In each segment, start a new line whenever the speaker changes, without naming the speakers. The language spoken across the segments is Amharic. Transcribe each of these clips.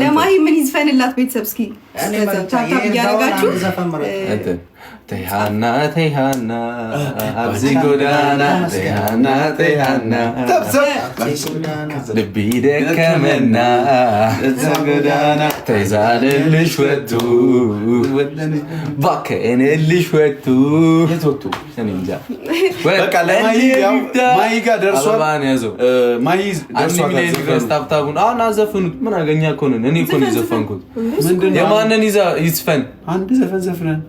ለማሂ ምን ይዝፈንላት? ቤተሰብ እስኪ
ተይሃና ተይሃና አብዚ ጎዳና ተይሃና ተይሃና ልቢ ደከመና እዛ ጎዳና ተዛለልሽ ወጡ ባከንልሽ ወጡ ማይ
ማይጋ ደርሷል።
ታብታቡን አሁን አዘፍኑት። ምን አገኛ እኮ ነን። እኔ እኮ ነው የዘፈንኩት። የማንን ይዛ ይዝፈን?
አንድ ዘፈን ዘፍነን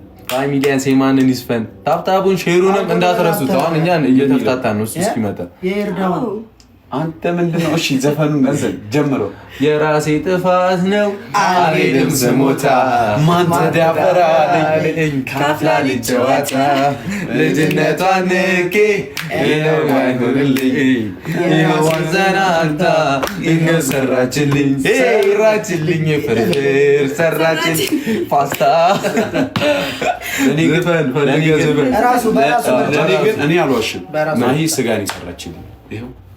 ሚሊየንስ የማንን ይስፈን። ታብታቡን ሼሩንም እንዳትረሱት። አሁን እኛ እየተፍታታ ነው እሱ እስኪመጣ
አንተ ነው? እሺ ዘፈኑ
መዘን ጀምሮ የራሴ ጥፋት ነው አሬድም ስሞታ ማን ተዳፈራልኝ ካፍላ ልጨዋታ ልጅነቷ ንቄ ሌላው አይሆንልኝ ይዋዘናታ ይኸው ሰራችልኝ ሰራችልኝ ፍርፍር ሰራችልኝ ፓስታ እኔ ግን እኔ አልዋሽም ማሂ ስጋን ይሰራችልኝ ይኸው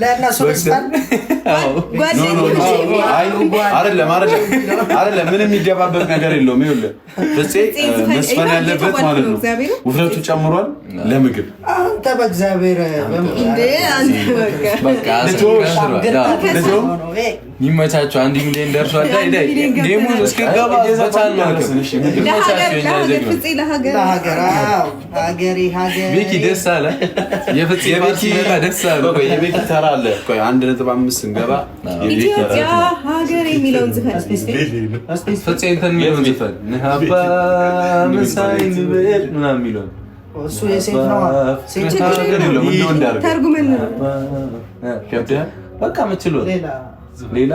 ለእነሱ አይደለም፣ ምንም የሚገባበት ነገር የለውም። ይኸውልህ መስፈን ያለበት ማለት ነው ውፍረቱ ጨምሯል። ለምግብ
አንተ በእግዚአብሔር
ይመቻቸው። አንድ ሚሊዮን ደርሷል። ደስ አለ። ኪሳራ አለ። አንድ ነጥብ አምስት ስንገባ
ኢትዮጵያ ሀገር የሚለውን ዝፈን
የሚለውን ዝፈን ሀባ የሚለውን የሴት ነው። ነው ሌላ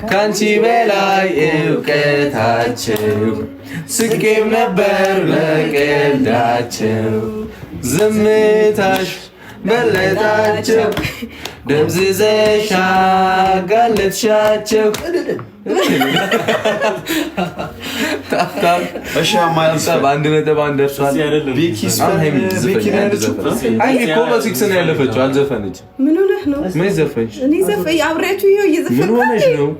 ከአንቺ በላይ እውቀታቸው ስቄም ነበር በቀልዳቸው ዝምታሽ በለጣቸው ደብዝዘሻ ጋለጥሻቸው በአንድ ነጥብ አንድ ደርሷል። ያለፈችው። አልዘፈነች። ምን ሆነሽ ነው? ምን ሆነሽ ነው?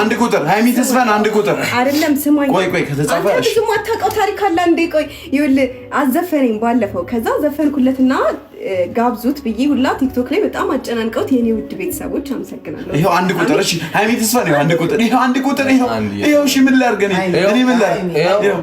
አንድ ቁጥር ሀይሚ ተስፋን አንድ ቁጥር
አይደለም። ስማኝ፣ ቆይ ቆይ፣ ከተጻፈ አታውቀው ታሪክ አለ። አንዴ ቆይ፣ ይኸውልህ አዘፈነኝ ባለፈው ባለፈው። ከዛ ዘፈንኩለትና ጋብዙት ብዬ ሁላ ቲክቶክ ላይ በጣም አጨናንቀውት የኔ ውድ ቤተሰቦች አመሰግናለሁ።
ይኸው አንድ ቁጥር እሺ፣ ተስፋ ነው። አንድ ቁጥር ይኸው፣ አንድ ቁጥር ይኸው፣ ይኸው። እሺ ምን ላድርግ እኔ ምን ላድርግ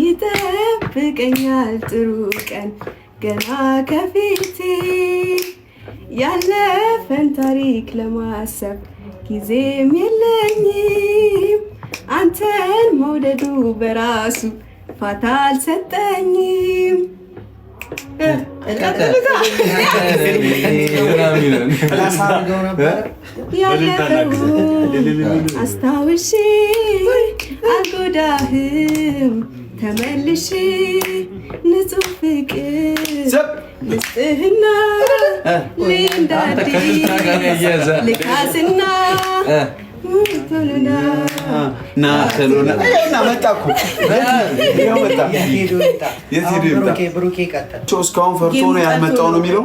ይጠብቀኛል ጥሩ ቀን ገና ከፊቴ ያለፈን ታሪክ ለማሰብ ጊዜም የለኝም አንተን መውደዱ በራሱ ፋታ አልሰጠኝም። ያለፈውን አስታውሽ አልጎዳህም ተመልሼ ንጹህ ፍቅር ንጽህና እንዳዲስ ልካስና
እስካሁን ፈርቶ ነው ያልመጣው ነው የሚለው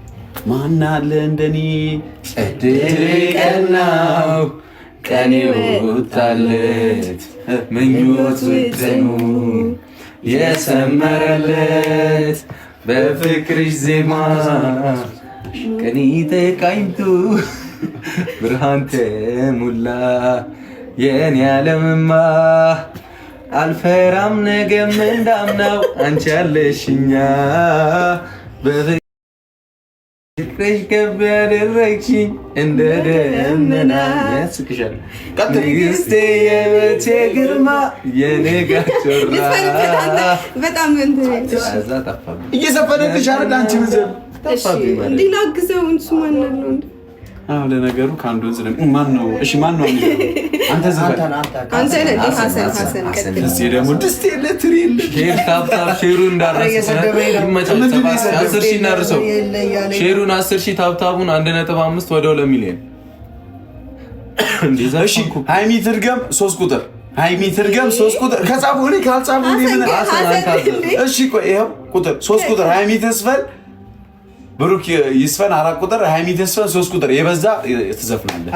ማናለ እንደኔ እድቀናው ቀኔ ወጣለት ምኞት ውጥኑ የሰመረለት በፍቅርሽ ዜማ ቀኔ ተቃኝቱ ብርሃን ተሞላ የኔ ዓለምማ አልፈራም ነገም እንዳምናው አንቺ አለሽኛ ፍቅርሽ ከፍ ያደረግሽኝ እንደ ደመና ያስቅሻል ንግስቴ የመቼ ግርማ የኔጋ ጮራ እየዘፈነልሽ አይደል
ምዝብ እንዲህ እንሱ ማናለው
አሁን ለነገሩ ከአንድ ወንዝ ማን ነው? እሺ ማን ነው? አንተ ዘፈን
አንተ
ደግሞ ድስት የለ ትሪ የለ አስር ሺህ እናርሰው። ሼሩን አስር ሺህ ታብታቡን አንድ ነጥብ አምስት ወደ ሁለት ሀይሚ ትርገም ሶስት ቁጥር ሀይሚ ትርገም ሶስት ቁጥር ከጻፉ እኔ ካልጻፉ እሺ ቆይ ቁጥር ሶስት ቁጥር ሀይሚ ተስፈል ብሩክ ይስፈን አራት ቁጥር ሀይሚ ተስፈን ሶስት ቁጥር የበዛ ትዘፍናለህ።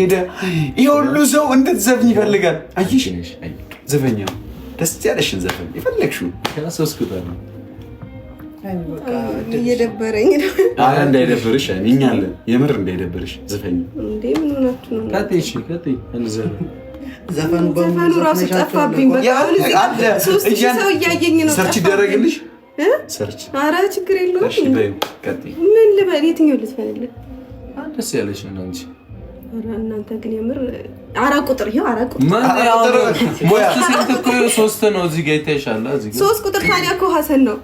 ሄደ ይህ ሁሉ ሰው እንድትዘፍኝ ይፈልጋል። አየሽ ዘፈኛ ደስ ያለሽን ዘፈን የፈለግሽው ሶስት ቁጥር ነው።
እየደበረኝ ነው።
እንዳይደብርሽ እኛ አለን። የምር እንዳይደብርሽ ዘፈኝ
ዘፈኑ በሙሉ ራሱ ጠፋብኝ። ሰው እያየኝ ነው።
ሰርች ይደረግልሽ።
ኧረ ችግር የለውም። ምን ልበል? የትኛው ልትፈልል?
ደስ ያለሽ ነው እንጂ
እናንተ ግን የምር አራት ቁጥር ይኸው አራት
ቁጥር ሶስት ነው። እዚህ ጋ ይታይሻል።
ሶስት ቁጥር ታዲያ እኮ ሀሰን ነው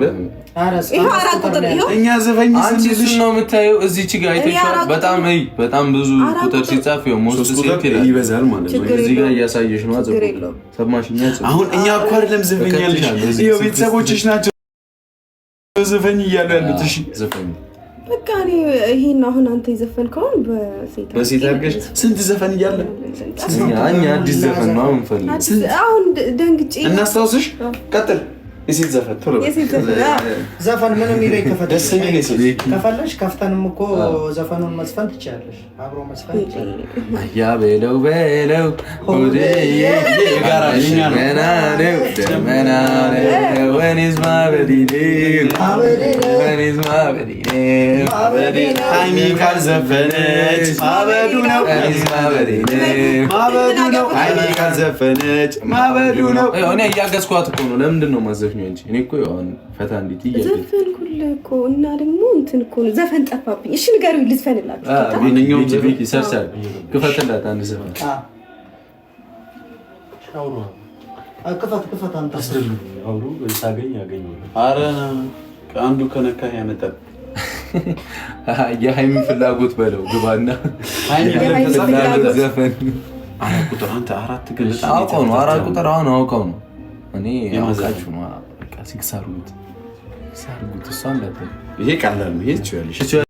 ነው
የምታየው። እዚች ጋ በጣም በጣም ብዙ ቁጥር ሲጻፍ ይበዛል ማለት ነው። እዚህ እያሳየሽ ነው። አሁን እኛ እኮ አይደለም ቤተሰቦችሽ ናቸው ዘፈኝ እያሉ ያሉት
በቃ ይሄን አሁን አንተ የዘፈንከውን
በሴት አድርገሽ ስንት ዘፈን እያለ እኛ አዲስ ዘፈን ነው
አሁን ደንግጬ
እናስታውስሽ። ቀጥል የሴት ዘፈን
ዘፈን ምንም ይለኝ ደስ ከፈለሽ ከፍተንም እኮ ዘፈኑን መስፈን ትችላለሽ። አብሮ መዝፈን
ያ በለው በለው ማበዱ ነው። እኔ እያገዝኳት እኮ ነው። ለምንድን ነው ማዘፍ አንቺ። እኔ እኮ አሁን ፈታ እንዴት
ይያዘ ዘፈንኩልህ እኮ እና ደግሞ እንትን እኮ ነው ዘፈን ጠፋብኝ። እሺ ንገሪው፣ ልዝፈንላችሁ።
ማንኛውም ዘፈን ይሰርሳል። ክፈትላት አንድ ዘፈን
አውሩ። ክፈት ክፈት።
አንተ አስደልኝ አውሩ። ሳገኝ ያገኘዋለሁ። ኧረ አንዱ ከነካ ያመጣል። የሀይሚ ፍላጎት በለው ግባና ዘፈን አራት ቁጥር አንተ አራት ግን አውቀው ነው። አራት ቁጥር አሁን አውቀው ነው። እኔ አውቃችሁ ነው በቃ ሲክስ አድርጉት፣ ሲክስ አድርጉት። ይሄ ቀላል ነው። ይሄ